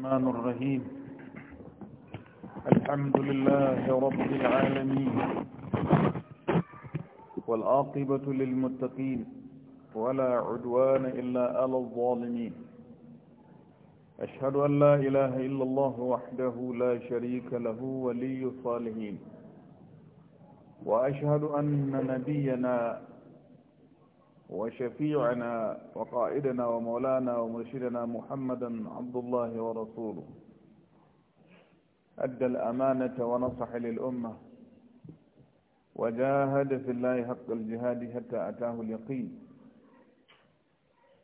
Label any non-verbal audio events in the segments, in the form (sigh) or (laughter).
الرحمن الرحيم الحمد لله رب العالمين والعاقبة للمتقين ولا عدوان إلا على الظالمين أشهد أن لا إله إلا الله وحده لا شريك له ولي الصالحين وأشهد أن نبينا وشفيعنا وقائدنا ومولانا ومرشدنا محمدا عبد الله ورسوله أدى الأمانة ونصح للأمة وجاهد في الله حق الجهاد حتى أتاه اليقين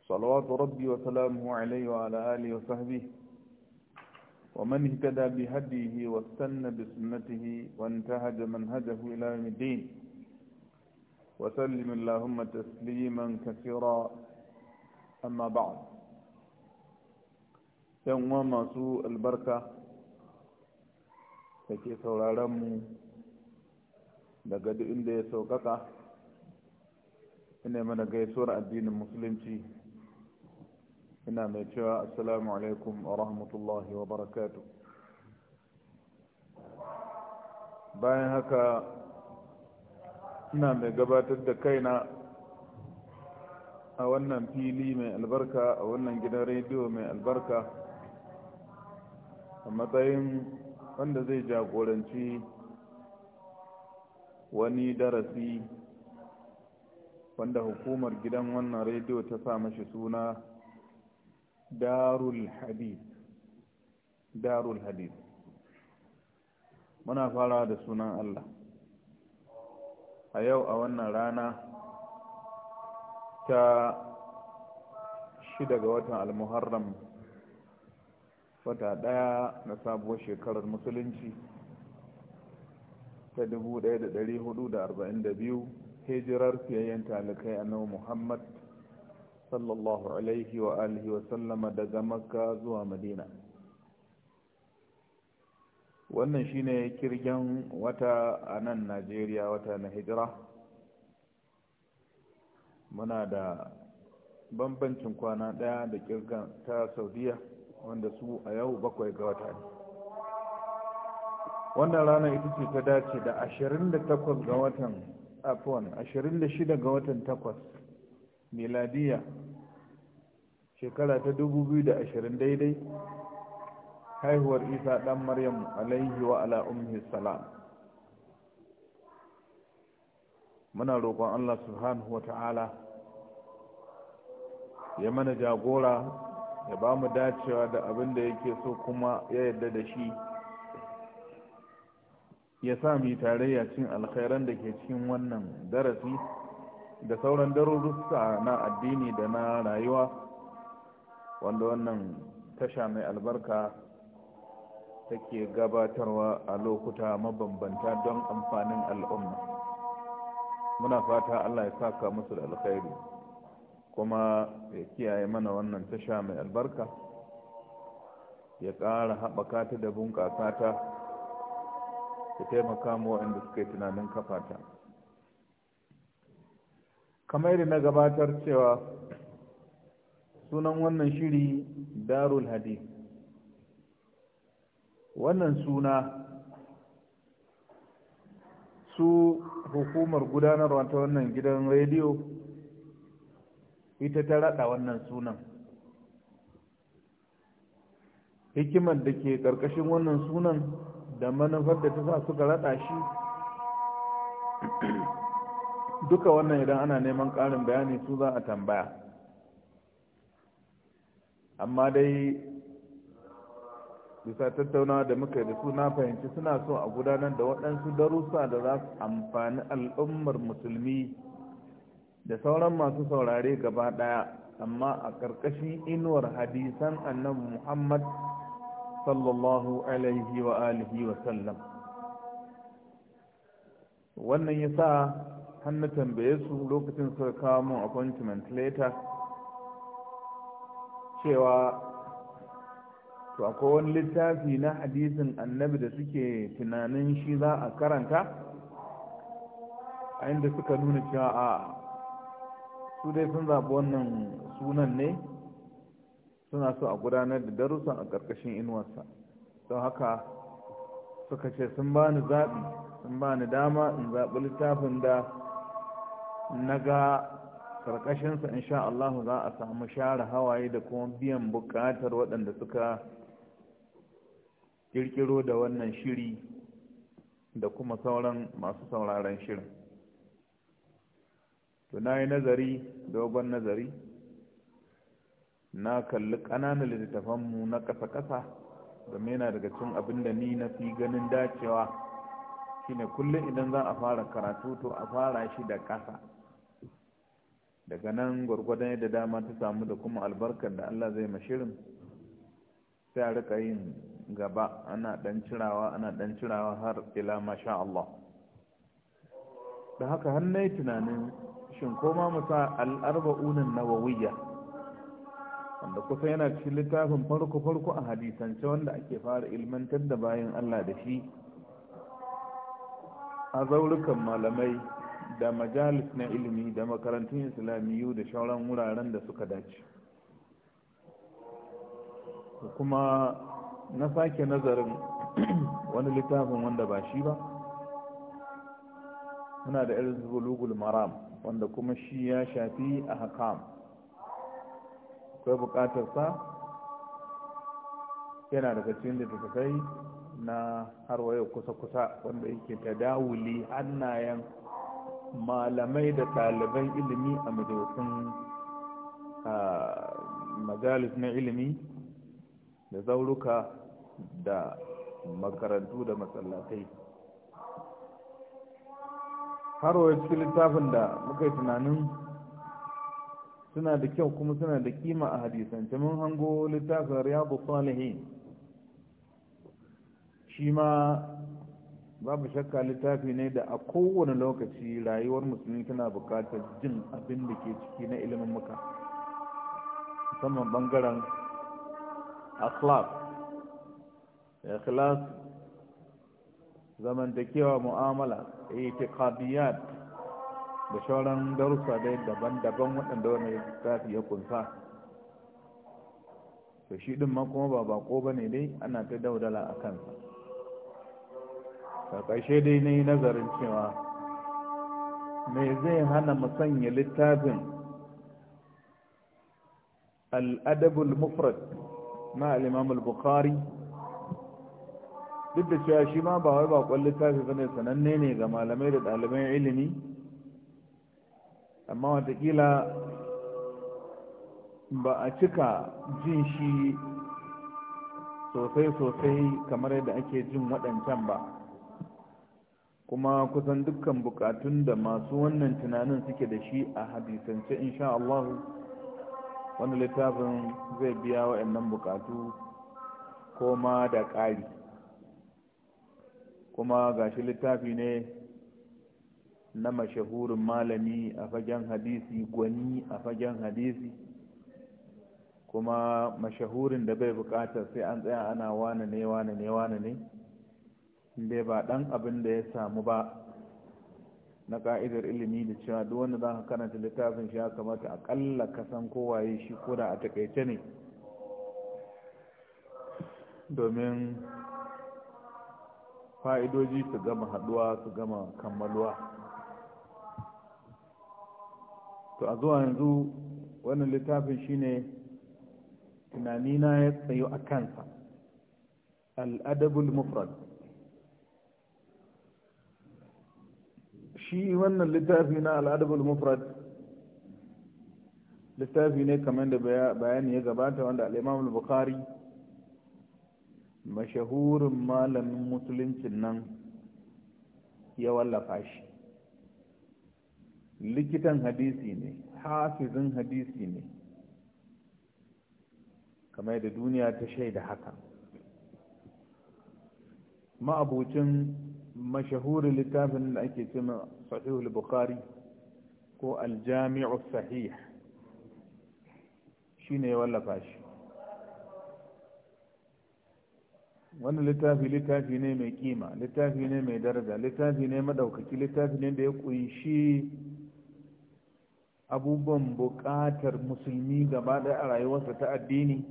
صلوات ربي وسلامه عليه وعلى آله وصحبه ومن اهتدى بهديه واستنى بسنته وانتهج منهجه إلى يوم الدين وسلم اللهم تسليما كثيرا أما بعد يوم ما سوء البركة take sauraronmu daga duk inda ya saukaka ina mana gaisuwar addinin musulunci ina mai cewa assalamu alaikum wa rahmatullahi wa barakatu bayan haka ina mai gabatar da kaina a wannan fili mai albarka a wannan gidan rediyo mai albarka a matsayin wanda zai jagoranci wani darasi wanda hukumar gidan wannan rediyo ta sa mashi suna darul hadith darul hadith muna fara da sunan Allah a yau a wannan rana ta shida ga watan almuharram wata daya na sabuwar shekarar musulunci ta 1442 hijirar fiyayyen talikai annabi muhammad sallallahu alaihi wa alihi wa sallama daga makka zuwa madina wannan shine kirgin wata a nan najeriya wata na hijira muna da bambancin kwana daya da kirgin ta saudiya wanda su a yau bakwai ga wata ne wannan rana ita ce ta dace da 28 ga watan afon 26 ga watan 8 miladiya shekara ta 2020 daidai haihuwar isa ɗan maryam alaihi wa ala umhi salam muna roƙon allah subhanahu wa ta'ala ya mana jagora ya ba mu dacewa da abin da yake so kuma ya yarda da shi ya sa mu tarayya cin alkhairan da ke cikin wannan darasi da sauran darurusa na addini da na rayuwa wanda wannan tasha mai albarka take gabatarwa a lokuta mabambanta don amfanin al'umma muna fata allah ya saka musu da alkhairi kuma ya kiyaye mana wannan tasha mai albarka ya ƙara haɓaka ta da bunƙasa ta ya taimaka mu waɗanda suka yi tunanin kafata kamar yadda na gabatar cewa sunan wannan shiri darul hadith wannan suna su hukumar gudanarwa ta wannan gidan rediyo ita ta rada wannan sunan hikimar da ke karkashin wannan sunan da manufar da ta sa suka rada shi (clears throat) duka wannan idan ana neman karin bayani su za a tambaya amma dai bisa tattaunawa da muka da su na fahimci suna so a gudanar da waɗansu darussa da za su amfani al'ummar musulmi da sauran masu saurare gaba ɗaya amma a ƙarƙashin inuwar hadisan annabi muhammad sallallahu alaihi wa alihi wa sallam wannan ya sa hannu tambaye su lokacin suka kawo mun appointment later cewa to akwai wani littafi na hadisin annabi da suke tunanin shi za a karanta a inda suka nuna cewa a su dai sun zaɓi wannan sunan ne suna so a gudanar da darussan a ƙarƙashin inuwarsa don haka suka ce sun ba ni zaɓi sun ba ni dama in zaɓi littafin da na ga ƙarƙashinsa sha Allah za a samu share hawaye da kuma biyan buƙatar waɗanda suka kirkiro da wannan shiri da kuma sauran masu sauraron shirin to na yi nazari dogon nazari na kalli ƙananan littattafanmu na ƙasa-ƙasa domin yana daga cin abin da ni na fi ganin dacewa shine kullum idan za a fara karatu to a fara shi da ƙasa daga nan gwargwadon yadda dama ta samu da kuma albarkar da allah zai mashirin sai a rika yin gaba ana dan cirawa ana dan cirawa har ila masha Allah da haka har nayi tunanin shin koma musa al-arba'unan nawawiyya wanda kusa yana cikin littafin farko farko a hadisance wanda ake fara ilmantar da bayan Allah da shi a zaurukan malamai da majalis na ilimi da makarantun islamiyu da shauran wuraren da suka dace kuma na sake nazarin (clears throat) wani littafin wanda ba shi ba muna da irin maram wanda kuma shi ya shafi a hakam akwai sa yana daga cikin littattafai na har waye kusa-kusa wanda yake ta dawuli hannayen malamai da ɗaliban ilimi a majalisun majalis na ilimi da zauruka da makarantu da masallatai har wa cikin littafin da muka yi tunanin suna da kyau kuma suna da kima a hadisance mun hango littafin riyadu salihin shi ma babu shakka littafi ne da a kowane lokaci rayuwar musulmi tana bukatar jin abin da ke ciki na ilimin muka musamman bangaren akhlaq ikhlas zamantakewa mu'amala itiqadiyat da sauran darussa dai daban-daban waɗanda wani littafi ya kunsa to shi ɗin ma kuma ba bako ba ne dai ana ta daudala a kansa ta ƙarshe dai na yi nazarin cewa me zai hana sanya littafin al'adabul mufrad na al-imam al-bukhari duk da cewa shi ma ba wai bakon tafi bane sananne ne ga malamai da ɗaliban ilimi amma watakila ba a cika jin shi sosai-sosai kamar yadda ake jin waɗancan ba kuma kusan dukkan bukatun da masu wannan tunanin suke da shi a hadisance insha Allahu Wani littafin zai biya buƙatu bukatu koma da ƙari kuma gashi littafi ne na mashahurin malami a fagen hadisi gwani a fagen hadisi kuma mashahurin da bai bukata sai an tsaya ana wane ne wane ne wane ne inda ba ɗan abin da ya samu ba na ka'idar ilimi da cewa duk wanda za ka karanta littafin shi ya kamata akalla ka san kowaye shi koda a takaice ne domin fa'idoji su gama haduwa su gama kammaluwa to a zuwa yanzu wannan littafin shine tunanina ya tsayo a kansa al'adabul mufrad shi wannan littafi na al'adabul mufrad littafi ne kamar da bayani ya gabata wanda al'imam bukhari mashahurin malamin musuluncin nan ya wallafa shi likitan hadisi ne hafizin hadisi ne kamar da duniya ta shaida haka ma'abucin mashahurin littafin da ake ce sahihul bukhari ko aljami'u sahih shi ne ya wallafa shi wannan littafi littafi ne mai kima littafi ne mai daraja littafi ne madaukaki littafi ne da ya kunshi abubuwan buƙatar musulmi gaba ɗaya a rayuwarsa ta addini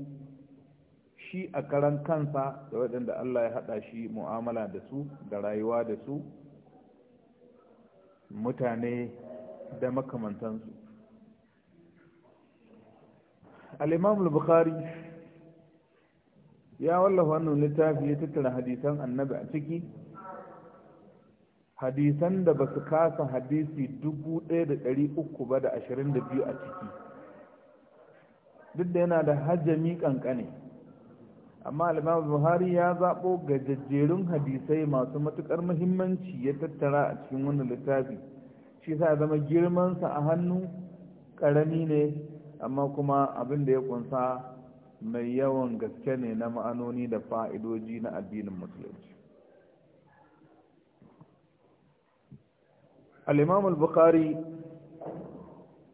shi a karan kansa da waɗanda Allah ya haɗa shi mu'amala da su da rayuwa da su mutane da makamantansu al bukhari ya wallafa wannan littafi ya tattara hadisan annabi a ciki hadisan da ba su kasa hadisi 1300 ba da 22 a ciki duk da yana da hajjami kankane amma alimam buhari ya zaɓo ga hadisai masu matuƙar muhimmanci ya tattara a cikin wannan littafi shi sa zama girmansa a hannu ƙarami ne amma kuma abin da ya kunsa mai yawan gaske ne na ma'anoni da fa'idoji na addinin musulunci al'imam al-bukhari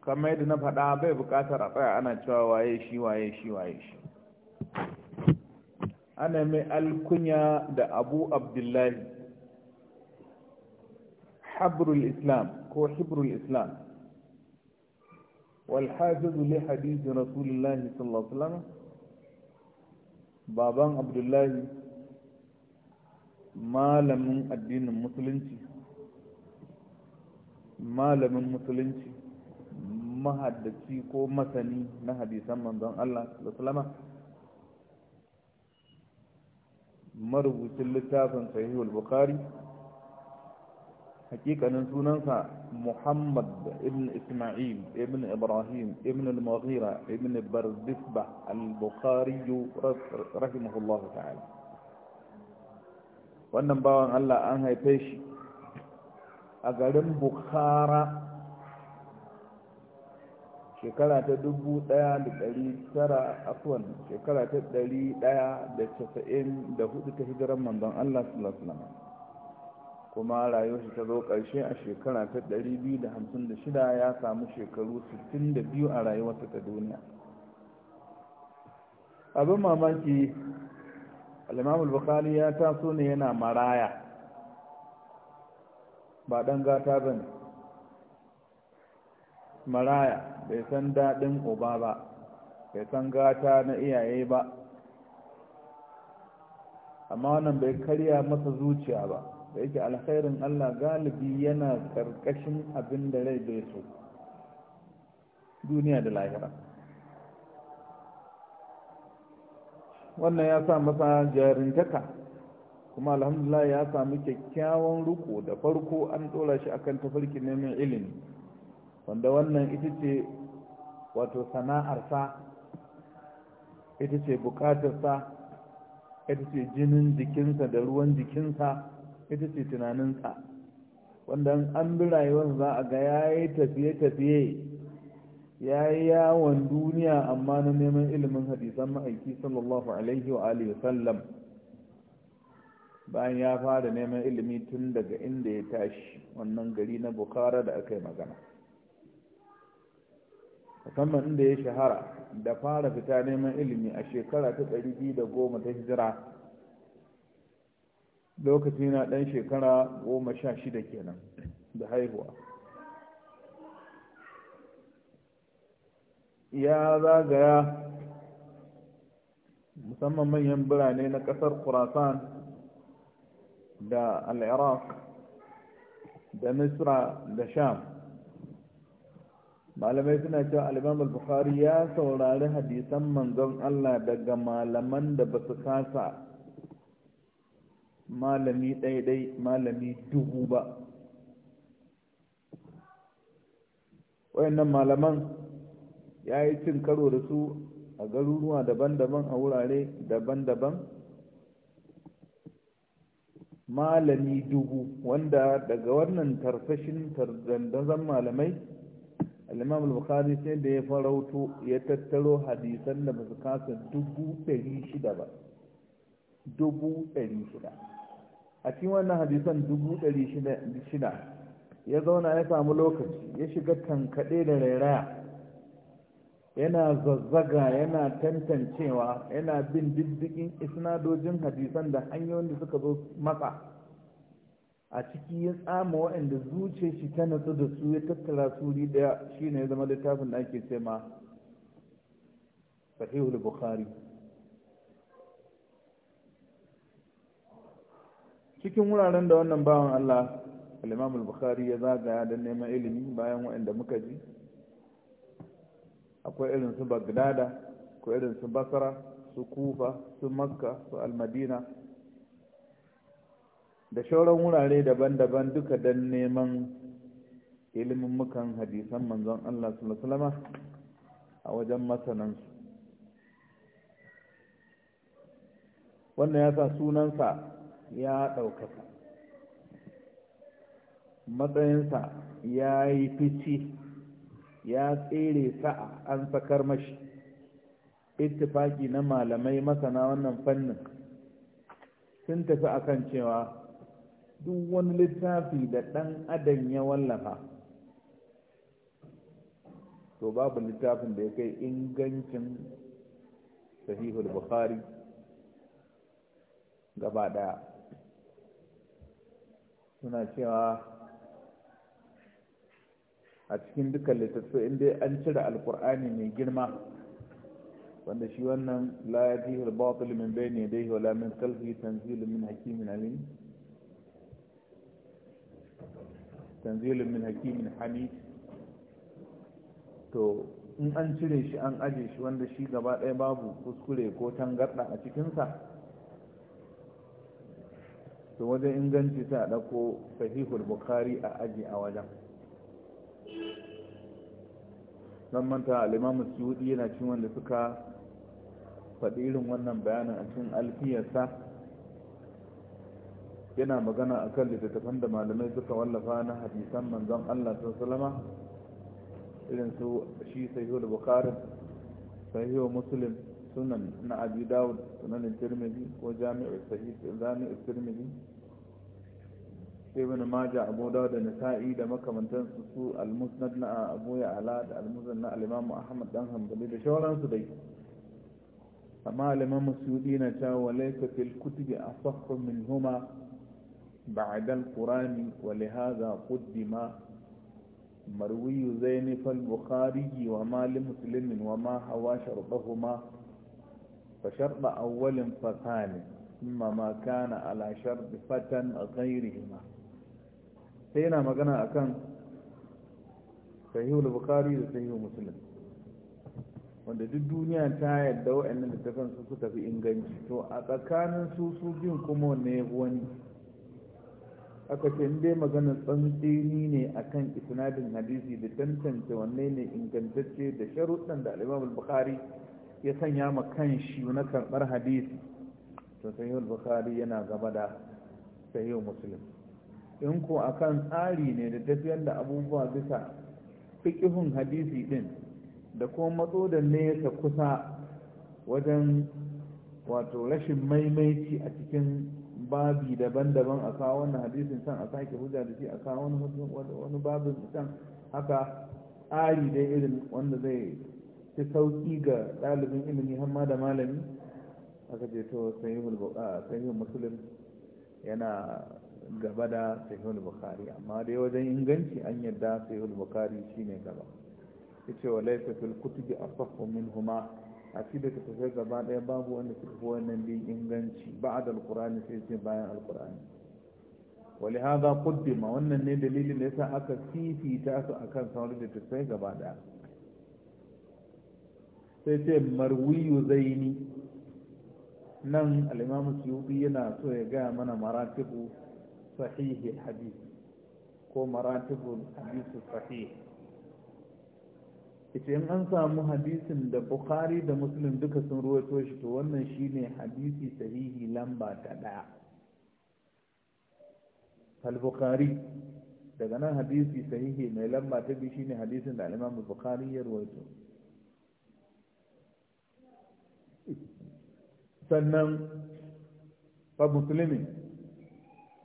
kamar yadda na faɗa bai bukatar a tsaya ana cewa waye shi waye shi waye shi ana mai alkunya da abu abdullahi habrul islam ko hibrul islam والحافظ لحديث رسول الله صلى الله عليه وسلم بابان عبد malamin addinin musulunci malamin musulunci mahaddaci ko masani na hadisan manzon Allah sallallahu alaihi marubucin littafin sahihul bukhari hakikanin sunansa muhammad ibn isma'il ibn ibrahim ibn al-mughira ibn bardisba al-bukhari rahimahullahu ta'ala wannan bawan allah an haife shi a garin bukara. shekara ta dubu ɗaya da ɗari tara afuwan shekara ta ɗari ɗaya da casa'in da hudu ta hijiran manzon Allah sallallahu alaihi kuma rayuwar shi ta zo ƙarshe a shekara ta ɗari biyu da hamsin da shida ya samu shekaru sittin da biyu a rayuwarsa ta duniya abin mamaki alimamul bukhari ya taso ne yana maraya ba ɗan gata ba ne maraya bai san daɗin uba ba bai san gata na iyaye ba amma wannan bai karya masa zuciya ba da yake alkhairin Allah galibi yana ƙarƙashin abin da rai bai so duniya da lahira wannan ya sa masa jarintaka kuma alhamdulillah ya sami kyakkyawan riko da farko an ɗora shi akan tafarki neman ilimi wanda wannan ita ce wato sana'arsa ita ce bukatarsa ita ce jinin jikinsa da ruwan jikinsa ita ce tunaninsa wanda an bi rayuwar za a ga ya yi tafiye-tafiye ya yi yawon duniya amma na neman ilimin hadisan ma'aiki sallallahu alaihi wa sallam bayan ya fara neman ilimi tun daga inda ya tashi wannan gari na bukara da aka yi magana musamman inda ya shahara da fara fita neman ilimi a shekara ta ɗari biyu da goma ta hijira lokaci na ɗan shekara goma sha shida kenan da haihuwa ya zagaya musamman manyan birane na ƙasar kurasan da al'iraq da misra da sham malamai suna cewa al-imam al-bukhari ya saurari hadisan manzon Allah daga malaman da ba su kasa malami ɗaiɗai malami dubu ba wayannan malaman ya yi cin karo da su a garuruwa daban-daban a wurare daban-daban malami dubu wanda daga wannan tarfashin tarzandazan malamai al'imam al-bukhari sai da ya farauto ya tattaro hadisan da ba su kasa dubu ɗari shida ba dubu ɗari shida a cikin wannan hadisan dubu ɗari shida ya zauna ya samu lokaci ya shiga tankaɗe da rairaya yana zazzaga yana tantancewa yana bin diddigin isnadojin hadisan da hanyoyin da suka zo matsa a ciki ya tsama waɗanda zuce shi ta natsu da su ya tattara su ɗaya shi ne zama littafin da ake ce ma sahihul bukhari cikin wuraren da wannan bawan allah al bukhari ya zagaya don neman ilimi bayan waɗanda muka ji akwai irin su bagdada akwai irin su basra su kufa su makka su almadina da shauran wurare daban-daban duka don neman ilimin mukan hadisan manzon Allah salama a wajen masanansu wannan ya sa sunansa ya ɗaukaka matsayinsa ya yi fici ya tsere sa'a an sakar mashi ittifaki na malamai masana wannan fannin sun tafi akan cewa duk wani littafi da ɗan adam ya wallafa to babu littafin da ya kai ingancin sahihul bukhari gaba ɗaya suna cewa a cikin dukkan in inda an cire alkur'ani mai girma wanda shi wannan la ya fi hirbatul min bayni yadayhi wala min khalfihi tanzilun min hakimin alim tanzilin min hakimin hamid to in an cire shi an aje shi wanda shi gaba ɗaya babu kuskure ko tangarɗa a cikinsa to wajen inganci ta ɗako sahihul bukari a aji a wajen don manta alimamu suyuɗi yana cin wanda suka faɗi irin wannan bayanin a cikin alfiyarsa yana magana a kan littattafan da malamai suka wallafa na hadisan manzon Allah sun salama irin su shi sahihu da bukari sahihu muslim sunan na abu dawud sunanin tirmidhi ko jami'ar sahih jami'u tirmidhi ibn maja abu dawud da nisa'i da makamantan su su al-musnad na abu ya'la da al-musnad na al-imam ahmad dan hanbali da shawararsu dai amma al-imam suyudi na cewa laysa fil kutubi asahhu min huma بعد القرآن ولهذا قدم مروي زين فالبخاري وما لمسلم وما هوى شرطهما فشرط أول فثاني ثم ما كان على شرط فتن غيرهما هنا مقنا أكن صحيح البخاري وصحيح مسلم wanda duk duniya ta yadda wa'annan littafan su suka fi inganci to a tsakanin su su biyun kuma wanne ya wani aka ce in dai maganar tsantsini ne akan isnadin hadisi da tantance wanne ne ingantacce da sharuɗan da al ya sanya ma kan shi na karɓar hadisi to sahih al yana gaba da sahih muslim in ko akan tsari ne da tafiyar da abubuwa bisa fiqhun hadisi din da kuma matso da nesa kusa wajen wato rashin maimaici a cikin babi daban-daban a kawo wannan hadisin san a sake hujja da shi a kawo wani babin can haka tsari dai irin wanda zai fi sauki ga ɗalibin ilimi hamma da malami aka je to sahihul muslim yana gaba da sahihul bukhari amma dai wajen inganci an yadda sahihul bukhari shine gaba yace wa laysa fil kutubi asahhu huma. akida ta tafiya gaba daya babu wanda suka fi wannan din inganci da alqur'ani sai ce bayan alkur'ani wali hada quddima wannan ne dalilin da yasa aka fifita su akan sauri da tafiya gaba daya sai ce marwiyu zaini nan al-imam yana so ya gaya mana maratibu sahihi hadith ko maratibu hadith sahih ita in an samu hadisin da bukhari da muslim duka sun ruwaito shi to wannan shine hadisi sahihi lamba ta daya al-bukhari daga nan hadisi sahihi mai lamba ta biyu shine hadisin da al'imam imam bukhari ya ruwaito sannan fa muslimi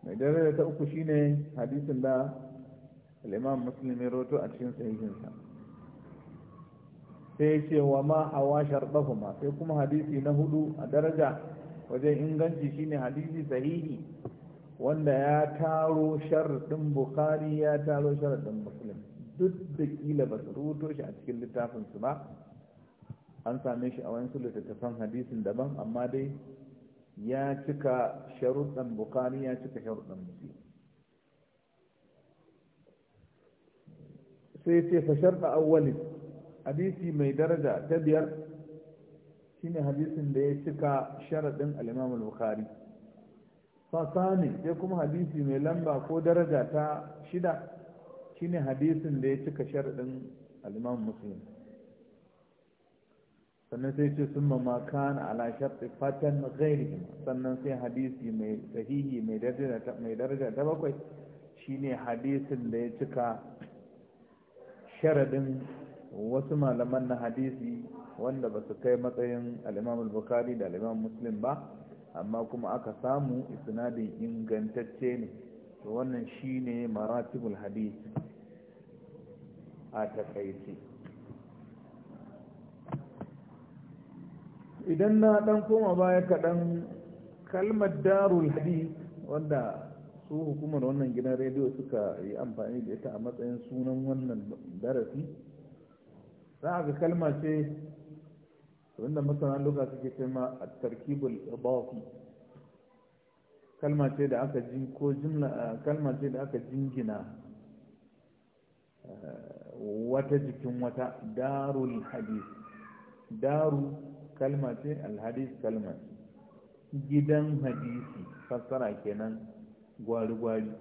mai daraja ta uku shine hadisin da al'imam imam muslim ya ruwaito a cikin sahihinsa sai ce wa ma hawa sharɗahuma sai kuma hadisi na hudu a daraja wajen inganci shine hadisi sahihi wanda ya taro sharɗin bukhari ya taro sharɗin muslim duk da kila ba su rubuto shi a cikin littafin su ba an same shi a wani littattafan hadisin daban amma dai ya cika sharuɗan bukhari ya cika sharuɗan muslim sai ce fa sharɗa awwalin hadisi mai daraja ta biyar shine hadisin da ya cika sharaɗin al-imam al-bukhari fasani sai kuma hadisi mai lamba ko daraja ta shida shine hadisin da ya cika sharaɗin al muslim sannan sai ce sun ma kana ala sharti fatan ghairihim sannan sai hadisi mai sahihi mai daraja ta bakwai shine hadisin da ya cika sharaɗin. wasu malaman na hadisi wanda ba su kai matsayin al'imam al-bukhari da al'imam muslim ba amma kuma aka samu isnadin ingantacce ne to wannan shi ne maratibul hadis a takaice idan na dan koma baya kaɗan kalmar darul hadis wanda su hukumar wannan gidan rediyo suka yi amfani da ita a matsayin sunan wannan darasi za a ga kalma ce wanda masana luka suke ce ma a tarkibul idafi kalma ce da aka jin ko jimla kalma ce da aka jingina eh, wata jikin wata darul hadis daru kalma ce alhadis kalma gidan hadisi fassara kenan gwari-gwari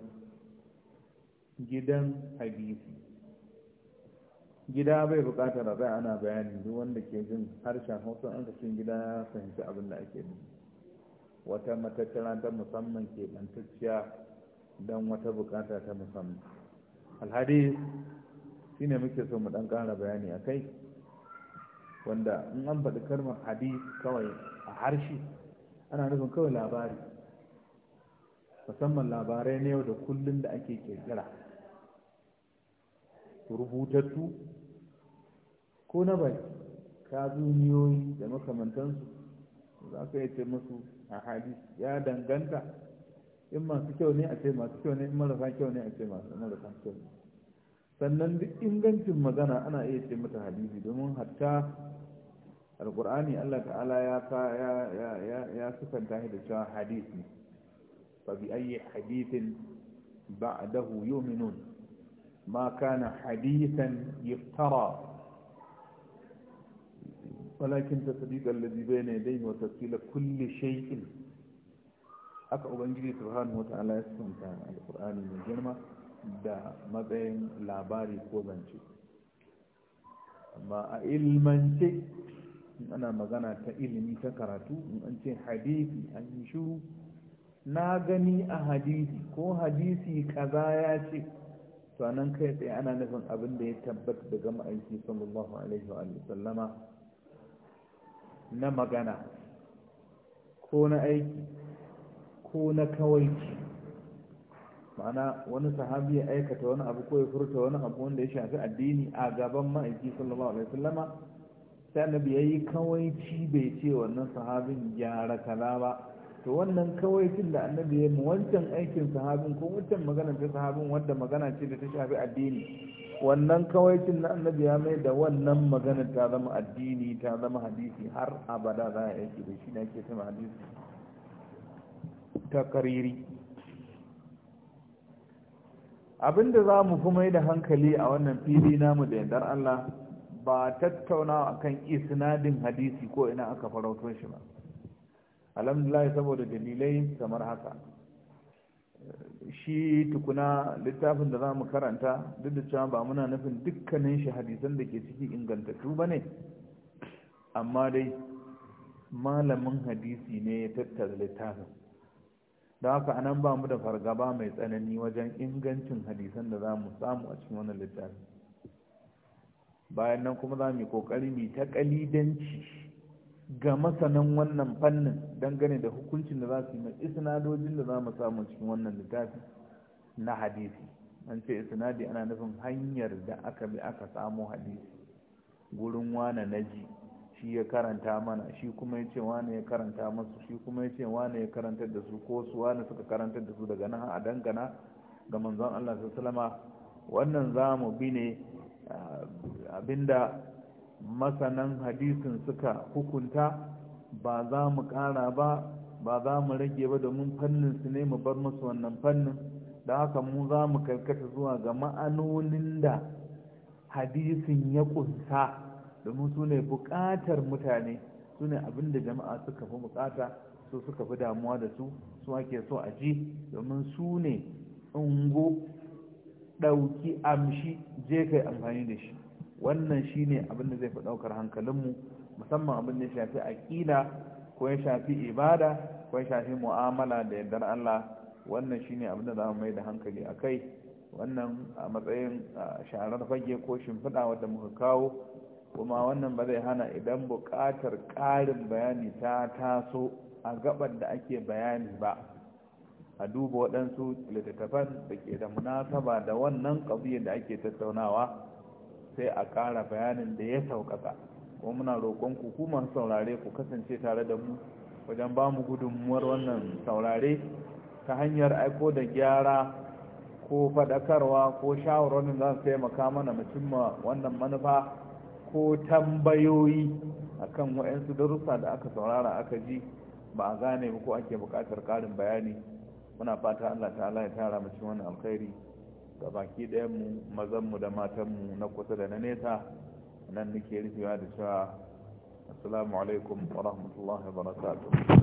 gidan hadisi gida bai bukatar da ana bayani duk wanda ke jin harshen hausa an cikin gida ya fahimci abin da ake nufi wata matattara ta musamman ke bantacciya don wata bukata ta musamman alhadi shine muke so mu dan kara bayani a kai wanda in an faɗi kalmar hadi kawai a harshe ana nufin kawai labari musamman labarai na yau da kullum da ake kirkira rubutattu ko na baki duniyoyi da makamantansu za ka yi musu a hadis ya danganta in masu kyau ne a ce masu kyau ne in marasa kyau ne a ce masu marasa kyau ne sannan duk ingancin magana ana iya ce mata hadisi domin hatta alkur'ani allah ta'ala ya ya sukanta shi da cewa hadis ne fa bi ayi hadithin ba'dahu yu'minun ma kana hadithan yuftara walakin tasdiqa alladhi bayna yadayhi wa tafsila kulli shay'in haka ubangiji subhanahu wata'ala ya sunta alqur'ani mai girma da matsayin labari ko zance amma a ilmance ana magana ta ilimi ta karatu in an ce hadisi an yi shiru. na gani a hadisi ko hadisi kaza ya ce to nan kai tsaye ana nufin abin da ya tabbata daga ma'aiki sallallahu alaihi wa sallama na magana ko na aiki ko na kawaici ma'ana wani sahabi ya aikata wani abu ko ya furta wani abu wanda ya shafi addini a gaban ma'aiki sallallahu alaihi wasallama sai annabi yayi kawaici bai ce wannan sahabin gyara kaza ba to wannan kawaicin da annabi ya mu wancan aikin sahabin ko wancan magana ta sahabin wanda magana ce da ta shafi addini wannan kawaicin na annabi ya mai da wannan magana ta zama addini ta zama hadisi har abada za a yake da shi na ke sama hadisi ta kariri abinda za mu fi mai da hankali a wannan fili namu da yadda Allah ba a kan isnadin hadisi ko ina aka farauto shi ba alhamdulillah saboda dalilai kamar haka shi tukuna littafin da za mu karanta duk da cewa ba muna nufin dukkanin shi hadisan da ke ciki ingantattu ba ne amma dai malamin hadisi ne ya tattara littafin da haka anan ba mu da fargaba mai tsanani wajen ingancin hadisan da za mu samu a cikin wannan littafin bayan nan kuma za mu yi ƙoƙari mu ta ƙalidanci ga masanan wannan fannin dangane da hukuncin da za su yi mai isnadojin da za mu samu cikin wannan littafi na hadisi an ce isnadi ana nufin hanyar da aka bi aka samu hadisi gurin wane naji shi ya karanta mana shi kuma ya ce wane ya karanta masu shi kuma ya ce wane ya karantar da su ko su wane suka karantar da su daga nan a dangana ga manzon Allah sallama wannan za mu bi ne ah, abinda masanan hadisin suka hukunta ba za mu ƙara ba ba za mu rage ba domin fannin su ne mu bar musu wannan fannin da haka mu za mu karkata zuwa ga ma'anonin da hadisin ya ƙunsa domin su ne buƙatar mutane su ne abin da jama'a suka fi buƙata su suka fi damuwa da su su ake so a ji domin su ne ungo ɗauki amshi je kai amfani da shi wannan shine abin da zai fi daukar hankalinmu musamman abin da ya shafi aqida ko ya shafi ibada ko ya shafi mu'amala da yardar Allah wannan shine abin da za mu mai da hankali akai wannan a matsayin sharar fage ko shimfiɗa wadda muka kawo kuma wannan ba zai hana idan buƙatar ƙarin bayani ta taso a gabar da ake bayani ba a duba waɗansu littattafan da ke da munasaba da wannan ƙabiyar da ake tattaunawa sai a ƙara bayanin da ya sauƙaƙa ko muna roƙon ku masu saurare ku kasance tare da mu wajen ba mu gudunmuwar wannan saurare ta hanyar aiko da gyara ko faɗakarwa ko shawarwarin za su taimaka mana mu wannan manufa ko tambayoyi a akan waɗansu darussa da aka saurara aka ji ba a gane ba ko ake buƙatar ƙarin bayani muna fata Allah ta'ala ya tara mu wannan alkhairi ga baki mazan mazanmu da matan mu na kusa da na nesa nan nake rufewa da cewa assalamu alaikum wa rahmatullahi wa barakatuh